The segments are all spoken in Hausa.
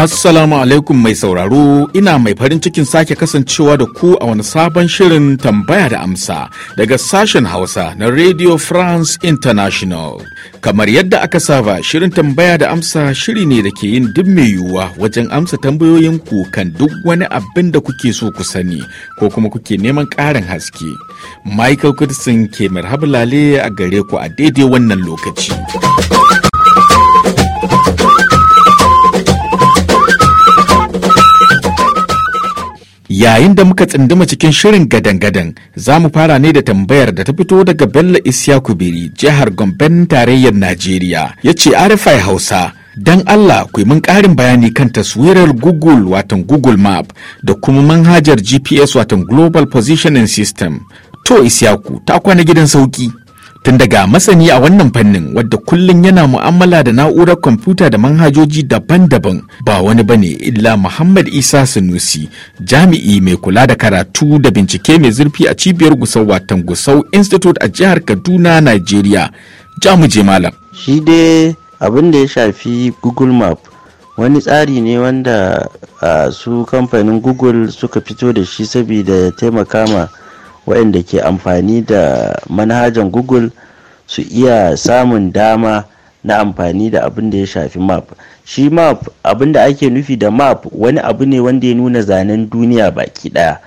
Assalamu alaikum mai sauraro ina mai farin cikin sake kasancewa da ku a wani sabon shirin tambaya da amsa daga sashen Hausa na Radio France International. Kamar yadda aka saba shirin tambaya da amsa shiri ne da ke yin duk mai yiwuwa wajen amsa tambayoyin ku kan duk wani abin da kuke so ku sani ko kuma kuke neman ƙarin haske. Michael Kudisin ke marhabalale a gare ku a daidai wannan lokaci. yayin da muka tsinduma cikin shirin gadan-gadan za mu fara ne da tambayar da ta fito daga bello isya kubiri jihar gomben tarayyar najeriya ya ce rfi hausa don allah ku mun ƙarin bayani kan taswirar google watan google map da kuma manhajar gps watan global positioning system to isyaku ta kwana gidan sauki tun daga masani a wannan fannin wadda kullum yana mu'amala da na'urar kwamfuta da manhajoji daban-daban ba wani ba ne illa muhammad isa sunusi jami'i mai kula da karatu da bincike mai zurfi a cibiyar gusau watan gusau institute a jihar kaduna nigeria je malam shi dai abin da ya shafi google map wani tsari ne wanda ah, su kamfanin google suka fito da shi saboda taimaka ma waɗanda ke amfani da manhajan google su iya samun dama na amfani da abin da ya shafi map shi map abin da ake nufi da map wani abu ne wanda ya nuna zanen duniya baki daya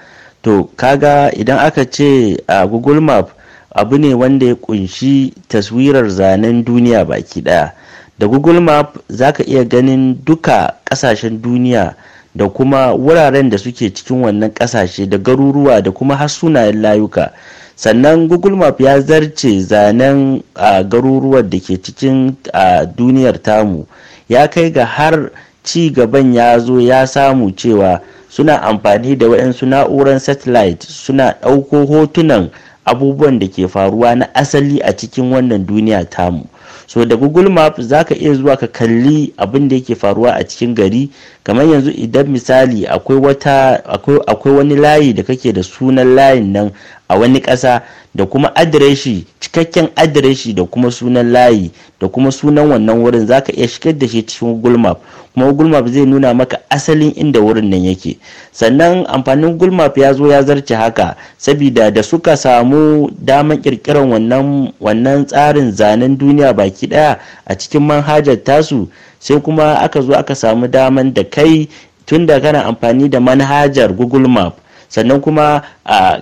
to kaga idan aka ce a google map abu ne wanda ya kunshi taswirar zanen duniya baki daya da google map za ka iya ganin duka kasashen duniya da kuma wuraren da suke cikin wannan kasashe da garuruwa da kuma har layuka sannan google map ya zarce zanen a garuruwan da ke cikin a duniyar tamu ya kai ga har ci gaban ya zo ya samu cewa suna amfani da waɗansu na'uran satellite suna ɗauko hotunan abubuwan da ke faruwa na asali a cikin wannan duniya tamu so da google map za ka iya zuwa ka kalli abin da yake faruwa a cikin gari kamar yanzu idan misali akwai wani layi da kake da sunan layin nan a wani ƙasa da kuma adireshi cikakken adireshi da kuma sunan layi da kuma sunan wannan wurin zaka iya shigar da shi cikin google map kuma google map zai nuna maka asalin inda wurin nan yake sannan amfanin google map ya zo ya zarce haka sabida da suka samu daman ƙirƙirar wannan wannan tsarin zanen duniya baki ɗaya a cikin manhajar tasu sai kuma aka zo aka samu daman da kai tunda kana amfani da manhajar google map sannan kuma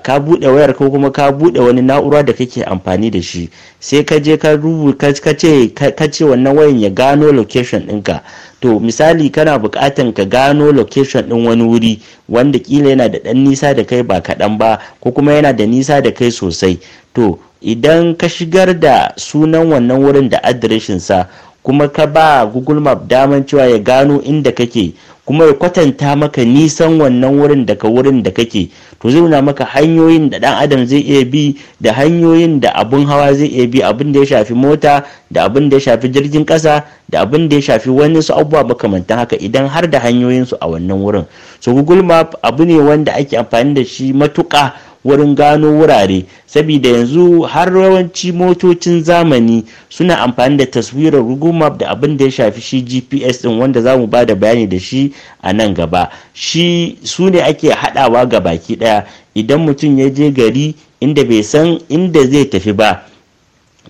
ka buɗe wayar ko kuma ka buɗe wani na'ura da kake amfani da shi sai ka je ka rubuta ka ce wannan wayan ya gano location ɗinka to misali kana bukatan ka gano location ɗin wani wuri wanda kila yana da ɗan nisa da kai ba kaɗan ba ko kuma yana da nisa da kai sosai to idan ka shigar da sunan wannan wurin da adireshinsa kuma ka ba google map daman cewa ya gano inda kake kuma ya kwatanta maka nisan wannan wurin daga wurin da kake to zai nuna maka hanyoyin da dan adam zai iya bi da hanyoyin da abun hawa zai iya bi abin da ya shafi mota da abin da ya shafi jirgin kasa da abin da ya shafi wani su abubuwa makamantan haka idan har da hanyoyin su a wannan wurin so google map abu ne wanda ake amfani da shi matuka wurin gano wurare saboda yanzu har yawanci motocin zamani suna amfani da taswirar google map da abin da ya shafi shi gps din wanda za mu ba da bayani da shi a nan gaba shi su ne ake haɗawa ga baki ɗaya idan mutum ya je gari inda bai san inda zai tafi ba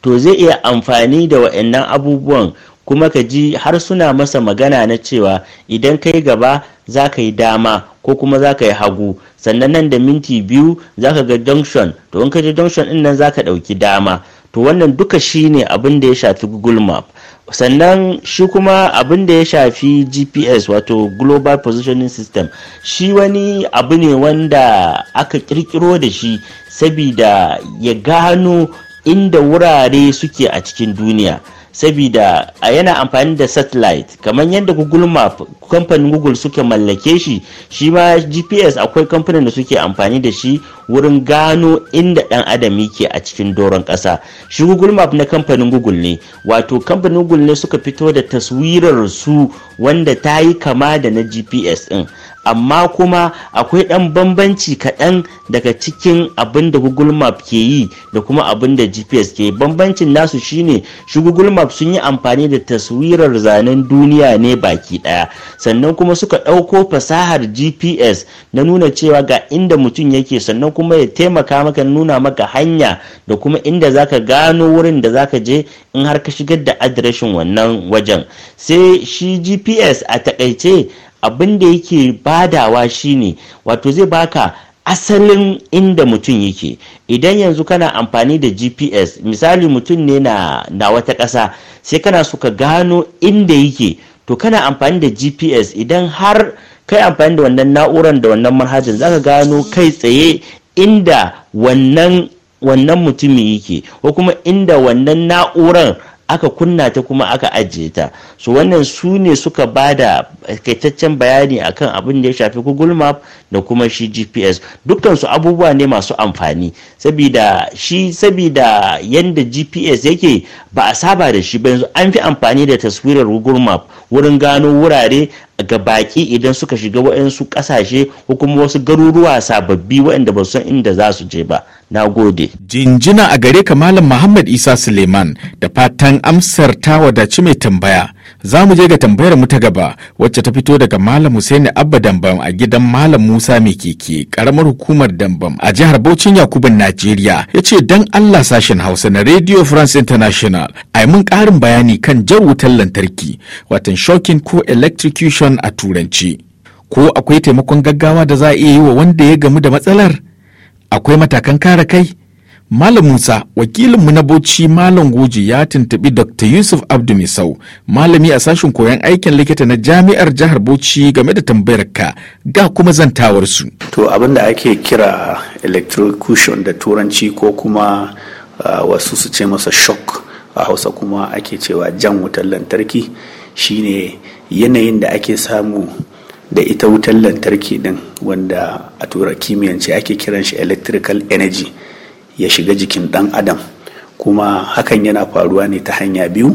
to zai iya amfani da wa'annan abubuwan kuma ka ji har suna masa magana na cewa idan kai gaba za ka yi dama ko kuma za ka yi hagu sannan nan da minti biyu za ka ga junction to in ka je junction ɗin nan za ka ɗauki dama to wannan duka shi ne abin da ya shafi google map sannan shi kuma abin da ya shafi gps wato global positioning system shi wani abu ne wanda aka kirkiro da shi sabida ya gano inda wurare suke a cikin duniya saboda yana amfani da satellite kamar yadda google map kamfanin google suke mallake shi shi ma gps akwai kamfanin da suke amfani da shi wurin gano inda dan adam yake a cikin doron kasa shi google map na kamfanin google ne wato kamfanin google ne suka fito da taswirar su wanda ta yi kama da na gps din amma kuma akwai ɗan bambanci kaɗan daga cikin abin da google map ke yi da kuma abin da gps ke yi bambancin nasu shine shi google map sun yi amfani da taswirar zanen duniya ne baki ɗaya sannan kuma suka ɗauko fasahar gps na nuna cewa ga inda mutum yake sannan kuma ya taimaka maka nuna maka hanya da kuma inda zaka gano wurin da zaka je in har ka shigar da adireshin wannan wajen sai shi gps a takaice abin da yake badawa shine wato zai baka asalin inda mutum yake idan yanzu kana amfani da gps misali mutum ne na, na wata ƙasa sai kana suka gano inda yake to kana amfani da gps idan har kai amfani da wannan na'urar da wannan manhajar ka gano kai tsaye inda wannan wannan mutumin yake ko kuma inda wannan na'urar aka kunna ta kuma aka ajiye ta so wannan su ne suka ba da kaitaccen bayani akan abin da ya shafi google map da kuma shi gps dukkansu abubuwa ne masu amfani sabida shi sabida yadda gps yake ba a saba da shi ba yanzu an fi amfani da taswirar google map wurin gano wurare ga baki idan suka shiga waɗansu ƙasashe ko kuma wasu garuruwa sababbi waɗanda ba san inda za su je ba na gode jinjina a gare ka malam muhammad isa suleiman da fatan amsar ta wadaci mai tambaya za mu je ga tambayar mu ta gaba wacce ta fito daga malam husaini abba dambam a gidan malam musa mai keke karamar hukumar dambam a jihar bauchin yakubin najeriya ya ce dan allah sashen hausa na radio france international a yi mun ƙarin bayani kan jar wutar lantarki watan shocking ko electrocution plan a turanci ko akwai taimakon gaggawa da za a iya yi wa wanda ya gamu da matsalar akwai matakan kare kai Malam Musa wakilinmu na Bauchi Malam Goji ya tuntubi Dr. Yusuf Abdu Misau malami a sashen koyon aikin likita na Jami'ar Jihar Bauchi game da tambayar ka ga kuma zantawar su. To abin da ake kira electrocution da turanci ko kuma uh, wasu su ce masa shock a Hausa kuma ake cewa jan wutar lantarki shine yanayin da ake samu da ita wutar lantarki din wanda a tura kimiyyance ake kiran shi electrical energy ya shiga jikin dan adam kuma hakan yana faruwa ne ta hanya biyu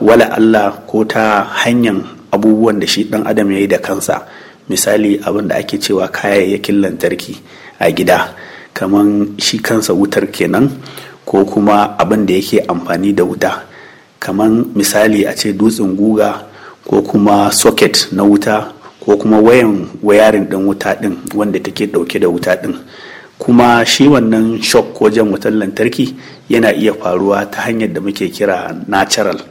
wala Allah ko ta hanyar abubuwan da shi dan adam ya yi da kansa misali abin da ake cewa kayayyakin lantarki a gida kaman shi kansa wutar kenan ko kuma abin da yake amfani da wuta kaman misali a ce dutsen guga ko kuma socket na wuta ko kuma wayan wayarin ɗin wuta ɗin wanda take ɗauke da wuta ɗin kuma shi wannan shock wajen wutar lantarki yana iya faruwa ta hanyar da muke kira natural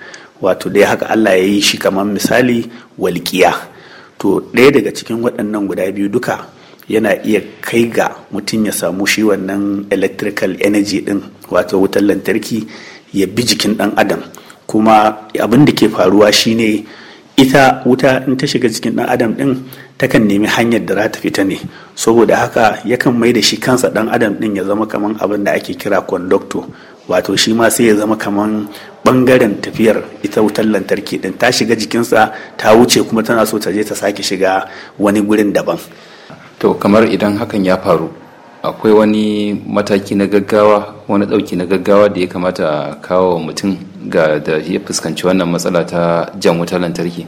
wato dai haka allah ya yi shi kamar misali walƙiya to ɗaya daga cikin waɗannan guda biyu duka yana iya kai ga mutum ya samu shi wannan electrical energy ɗin wato wutar lantarki ya bi jikin ɗan adam kuma abin da ke faruwa shine ita wuta in ta shiga jikin dan adam din takan nemi hanyar da za ta fita ne saboda haka yakan mai da shi kansa dan adam din ya zama kaman abin da ake kira kondokto wato shi ma sai ya zama kaman bangaren tafiyar ita wutar lantarki din ta shiga jikinsa ta wuce kuma tana so ta je ta sake shiga wani gurin daban to kamar idan hakan ya faru akwai wani mataki na gaggawa wani dauki na gaggawa da ya kamata kawo mutum ga da ya fuskanci wannan matsala ta jan wutar lantarki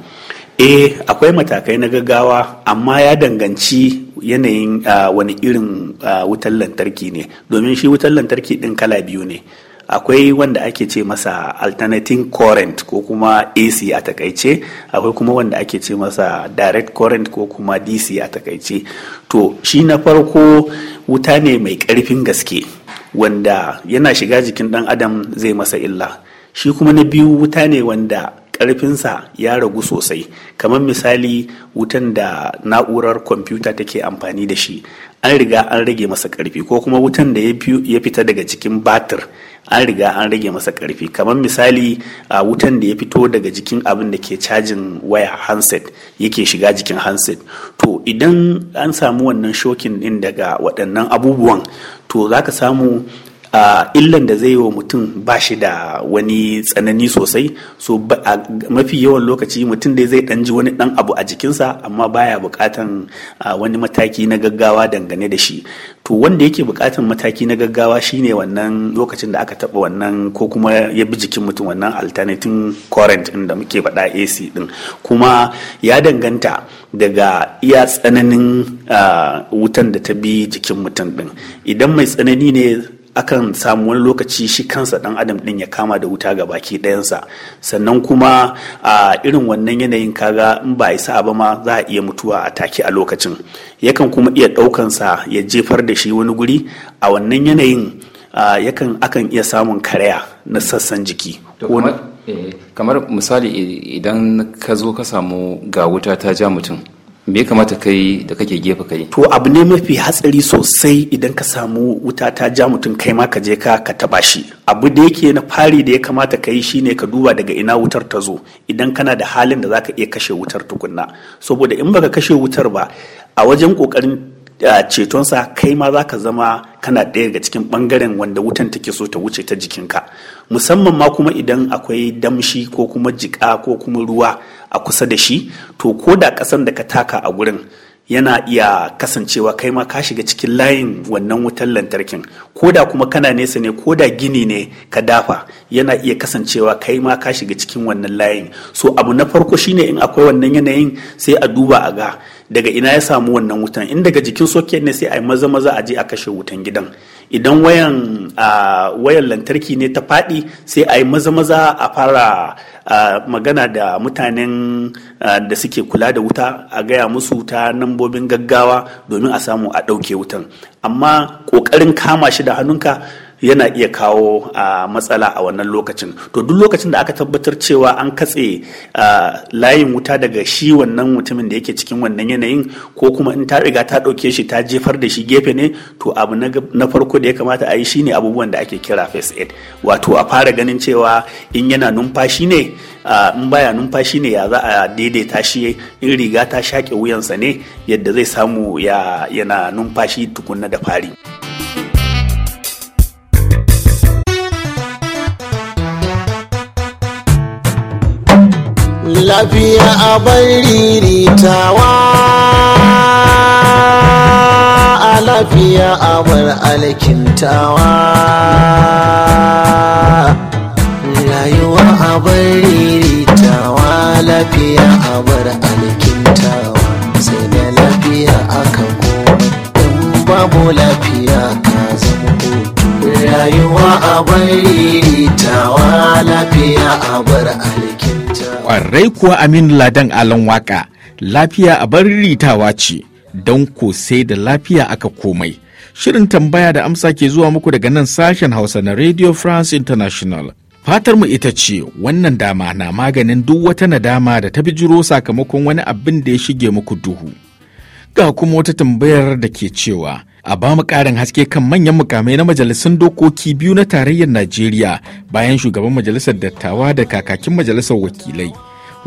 eh akwai matakai na gaggawa amma ya danganci yanayin ah, wani irin ah, wutar lantarki ne domin shi wutar lantarki din kala biyu ne akwai wanda ake ce masa alternating current ko kuma ac a takaice akwai kuma wanda ake ce masa direct current ko kuma dc a takaice to shi na farko wuta ne mai karfin gaske wanda yana shiga jikin dan adam zai masa illa shi kuma na biyu wuta ne wanda ƙarfinsa ya ragu sosai kamar misali wutan da na'urar kwamfuta take amfani da shi an riga an rage masa ƙarfi ko kuma wutan da ya fita daga cikin batir an riga an rage masa ƙarfi kamar misali a wutan da ya fito daga jikin abin da ke cajin waya handset yake shiga jikin handset to idan an samu wannan shokin ɗin daga waɗannan abubuwan to za ka samu illan da zai yi wa mutum ba shi da wani tsanani sosai so mafi yawan lokaci mutum dai zai ɗanji wani ɗan abu a jikinsa amma baya buƙatan wani mataki na gaggawa dangane da shi to wanda yake buƙatan mataki na gaggawa shine wannan lokacin da aka taɓa wannan ko kuma ya bi jikin mutum wannan alternating current da muke faɗa AC din kuma ya danganta daga iya tsananin wutan da ta bi jikin mutum ɗin idan mai tsanani ne akan samu wani lokaci shi kansa dan adam din ya kama da wuta ga baki ɗayansa sannan kuma a irin wannan yanayin kaga in ba isa ba ma za a iya mutuwa a take a lokacin yakan kuma iya ɗaukansa ya jefar da shi wani guri a wannan yanayin yakan akan iya samun karaya na sassan jiki eh, kamar misali idan ka zo ka samu ga wuta ta ja mutum me kamata kai da kake gefe kai to abu ne mafi hatsari sosai idan ka samu wuta ta ja mutum kai ma ka je ka ka taba shi abu da yake na fari da ya kamata ka yi shine ka duba daga ina wutar ta zo idan kana da halin da zaka iya kashe wutar tukunna saboda in baka kashe wutar ba a wajen kokarin cetonsa kai ma zaka zama kana ɗaya daga cikin bangaren wanda wutan take so ta wuce ta jikinka musamman ma kuma idan akwai damshi ko kuma jiƙa ko kuma ruwa a kusa da shi to ko da ƙasan da ka taka a gurin yana iya kasancewa kai ma ka shiga cikin layin wannan wutar lantarkin ko da kuma kana nesa ne ko da gini ne ka dafa yana iya kasancewa kai ma ka shiga cikin wannan layin so abu na farko shine in akwai wannan yanayin sai a duba a ga daga ina ya samu wannan wutan in daga jikin soket ne sai a yi maza maza a je a kashe wutan gidan idan wayan wayan lantarki ne ta faɗi sai a yi maza-maza a fara magana da mutanen da suke kula da wuta a gaya musu ta nambobin gaggawa domin a samu a ɗauke wutan amma ƙoƙarin kama shi da hannunka yana iya kawo a matsala a wannan lokacin to duk lokacin da aka tabbatar cewa an katse layin wuta daga shi wannan mutumin da yake cikin wannan yanayin ko kuma in ta riga ta ɗauke shi ta jefar da shi gefe ne to abu na farko da ya kamata a yi shi ne abubuwan da ake kira first aid wato a fara ganin cewa in yana numfashi ne in baya numfashi ne ya za a daidaita shi in riga ta shaƙe wuyansa ne yadda zai samu ya yana numfashi tukunna da fari. lafiya a riritawa a lafiya a bar alkintawa Kwarai kuwa Aminu Ladan Alan Waka, lafiya a bar ritawa ce, don ko sai da lafiya aka komai. Shirin tambaya da amsa ke zuwa muku daga nan sashen Hausa na Radio France International. fatar mu ita ce wannan dama na maganin duk wata nadama da ta bijiro sakamakon wani abin da ya shige muku duhu. Ga kuma wata tambayar da ke cewa, a ba mu ƙarin haske kan manyan mukamai na majalisun dokoki biyu na tarayyar Najeriya bayan shugaban majalisar dattawa da kakakin majalisar wakilai.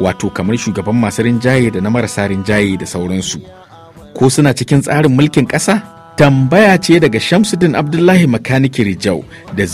wato kamar shugaban masu rinjaye da na marasa rinjaye da sauransu ko suna cikin tsarin mulkin ƙasa tambaya ce daga shamsuddin abdullahi makaniki rijau da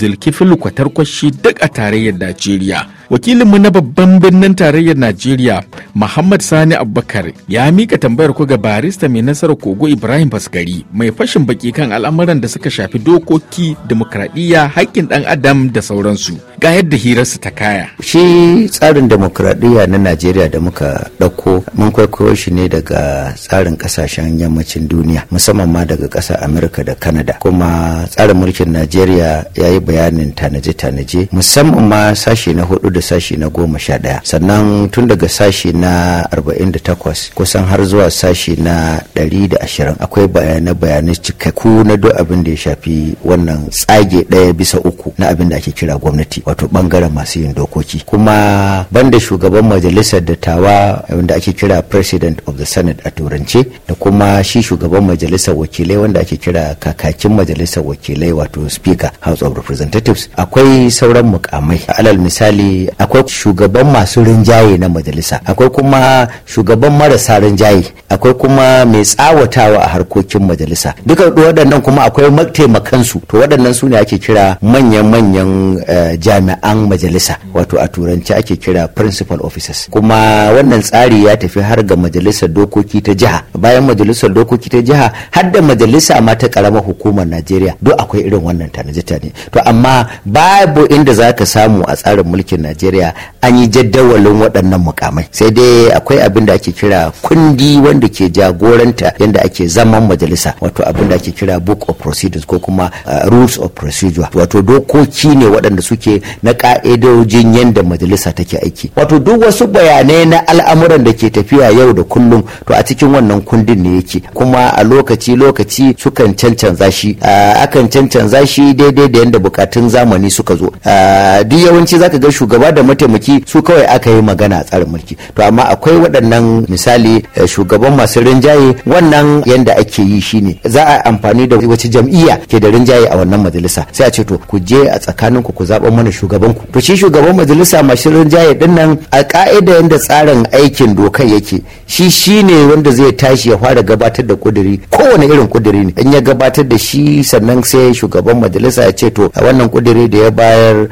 kwatar kwashi duk a tarayyar najeriya wakilinmu na babban birnin tarayyar najeriya muhammad sani abubakar ya mika tambayar ku ga barista mai nasarar kogo ibrahim basgari mai fashin baki kan al'amuran da suka shafi dokoki dimokuraɗiyya haƙƙin ɗan adam da sauransu ga yadda hirarsu ta kaya shi tsarin demokradiyya na najeriya da muka ɗauko mun kwaikwayo shi ne daga tsarin ƙasashen yammacin duniya musamman ma daga ƙasar amurka da kanada kuma tsarin mulkin najeriya ya yi bayanin tanaje-tanaje musamman ma sashi na hudu da sashi na goma sha ɗaya sannan tun daga sashi na arba'in da takwas kusan har zuwa sashi na ɗari da ashirin akwai bayanai-bayanai cikakku na duk abin da ya shafi wannan tsage ɗaya bisa uku na abin da ake kira gwamnati wato bangaren masu yin dokoki kuma banda shugaban majalisar dattawa wanda ake kira president of the senate a turance da kuma shi shugaban majalisar wakilai wanda ake kira kakakin majalisar wakilai wato speaker house of representatives akwai sauran mukamai alal misali akwai shugaban masu rinjaye na majalisa akwai kuma shugaban marasa rinjaye akwai kuma mai tsawatawa a harkokin majalisa duka waɗannan kuma akwai mataimakansu to waɗannan su ne ake kira manyan manyan uh, eh, jami'an majalisa wato a turanci ake kira principal officers kuma wannan tsari ya tafi har ga majalisar dokoki ta jiha bayan majalisar dokoki ta jiha har da majalisa ma ta karamar hukumar najeriya duk akwai irin wannan tanaje ne to amma babu inda za ka samu a tsarin mulkin najeriya an yi jaddawalin waɗannan mukamai sai dai akwai abin da ake kira kundi wanda ke jagoranta yadda ake zaman majalisa wato abin da ake kira book of procedures ko kuma uh, rules of procedure wato dokoki ne waɗanda suke na ka'idojin yadda majalisa take aiki wato duk wasu bayanai na al'amuran da ke tafiya yau da kullum to a cikin wannan kundin ne yake kuma a lokaci lokaci sukan cancanza shi akan cancanza shi daidai da yadda bukatun zamani suka zo duk yawanci zaka ga shugaba da mataimaki su kawai aka yi magana a tsarin mulki to amma akwai waɗannan misali eh, shugaban masu rinjaye wannan yadda ake yi shine za a amfani da wace jam'iyya ke da rinjaye a wannan majalisa sai a ce to ku je a tsakaninku ku ku zaɓa mana shugabanku to shi shugaban majalisa mashirin jaya din nan a ka'ida yadda tsarin aikin dokan yake shi shine wanda zai tashi ya fara gabatar da kuduri kowane irin kuduri ne in ya gabatar da shi sannan sai shugaban majalisa ya ce to a wannan kuduri da ya bayar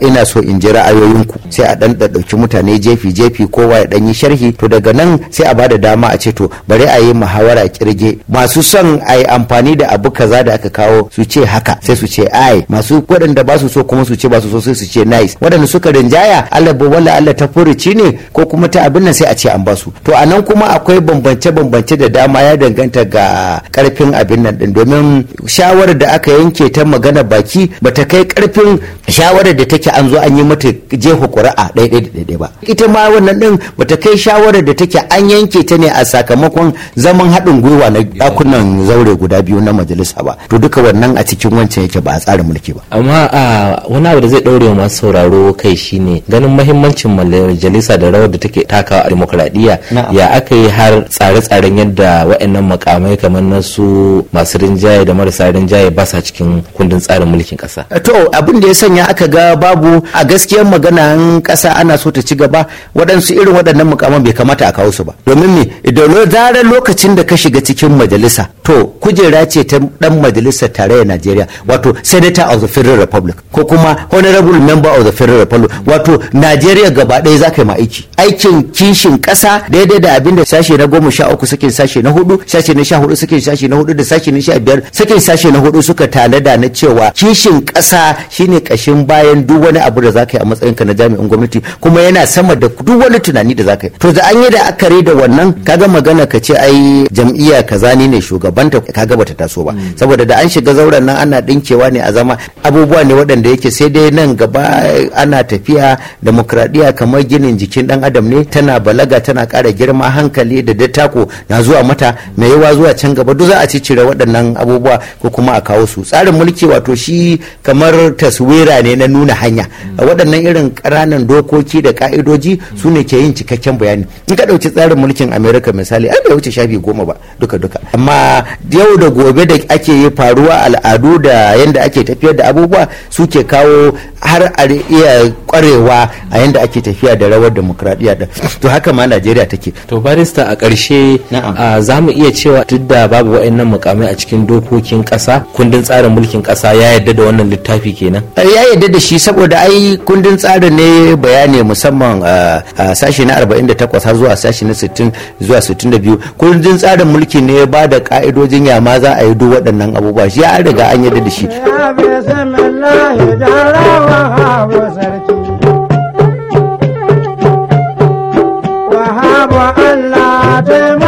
ina so in ji ra'ayoyinku sai a dan ɗauki mutane jefi jefi kowa ya dan yi sharhi to daga nan sai a bada dama a ce to bari a yi muhawara kirge masu son a yi amfani da abu kaza da aka kawo su ce haka sai su ce ai masu waɗanda ba su so kuma su su ce ba su so sai su ce nice waɗanda suka rinjaya Allah ba wala Allah ta furuci ne ko kuma ta abin nan sai a ce an basu to anan kuma akwai bambance bambance da dama ya danganta ga karfin abin nan din domin shawarar da aka yanke ta magana baki bata kai karfin shawarar da take an zo an yi mata jefa ƙuri'a ɗaiɗai ba ita ma wannan din bata kai shawarar da take an yanke ta ne a sakamakon zaman haɗin gwiwa na ɗakunan zaure guda biyu na majalisa ba to duka wannan a cikin wancan yake ba a tsarin mulki ba amma a ah, wani abu da zai ɗaure wa masu sauraro kai shine ganin mahimmancin majalisa da rawar da take takawa a demokradiyya ya aka yi har tsare-tsaren yadda waɗannan makamai kamar na su masu rinjaye da marasa rinjaye ba sa cikin kundin tsarin mulkin ƙasa. Eh, to abin da ya sanya aka ga babu a gaskiyar magana in ƙasa ana so ta ci gaba waɗansu irin waɗannan makamai bai kamata a kawo su ba domin me idan zarar lokacin da ka shiga cikin majalisa to kujera ce ta ɗan majalisar tarayyar najeriya wato senator of the federal republic ko kuma honorable member of the federal republic wato najeriya gaba ɗaya za ka yi ma aiki aikin kishin ƙasa daidai da abin da sashe na goma sha uku sakin sashe na hudu sashe na sha hudu sakin sashe na hudu da sashe na sha biyar sakin sashe na hudu suka tanada na cewa kishin ƙasa shine ƙashin bayan duk wani abu da za ka yi a matsayinka na jami'in gwamnati kuma yana sama da duk wani tunani da za ka yi to da an yi da akare da wannan kaga magana ka ce ai jam'iyya kaza ne ne shugabanta kaga ta taso ba mm. saboda da an shiga zauren nan ana dinkewa ne a zama abubuwa ne waɗanda yake sai dai nan gaba ana tafiya demokradiyya kamar ginin jikin dan adam ne tana balaga tana kara girma hankali da dattako na zuwa mata mai yawa zuwa can gaba duk za a cire waɗannan abubuwa ko kuma a kawo su tsarin mulki wato shi kamar taswira ne na nuna hanya waɗannan irin ƙananan dokoki da ka'idoji su ne ke yin cikakken bayani in ka ɗauki tsarin mulkin america misali an bai wuce shafi goma ba duka duka amma yau da gobe da ake yi faruwa al'adu da yadda ake tafiyar da abubuwa suke kawo kawo har a iya kwarewa a yadda ake tafiya da rawar demokradiyya da to haka ma najeriya take to barista a ƙarshe za mu iya cewa duk da babu wa'annan mukamai a cikin dokokin ƙasa kundin tsarin mulkin ƙasa ya yadda da wannan littafi kenan eh, ya yadda da shi saboda ai kundin tsarin ne bayani musamman a sashi na 48 har zuwa sashi na 60 zuwa 62 kundin tsarin mulki ne ba da ka'idojin ya ma za a yi duk waɗannan abubuwa shi ya riga an yadda da shi Wahaba Allah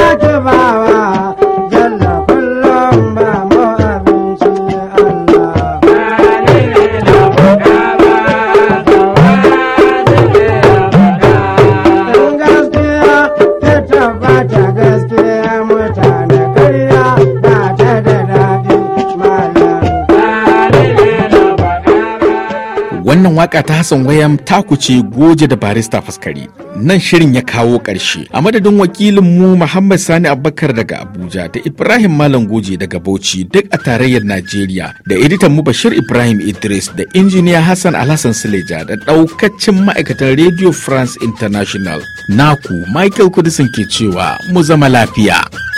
waka ta Hassan Wayam ta kuce goje da barista faskari. Nan shirin ya kawo ƙarshe. A madadin wakilin mu Muhammad Sani Abubakar daga Abuja da Ibrahim Malam Goje daga Bauchi duk a tarayyar Najeriya da editan mu Bashir Ibrahim Idris da injiniya Hassan Alhassan Sileja da ɗaukacin ma'aikatan Radio France International. Naku Michael Kudisin ke cewa mu zama lafiya.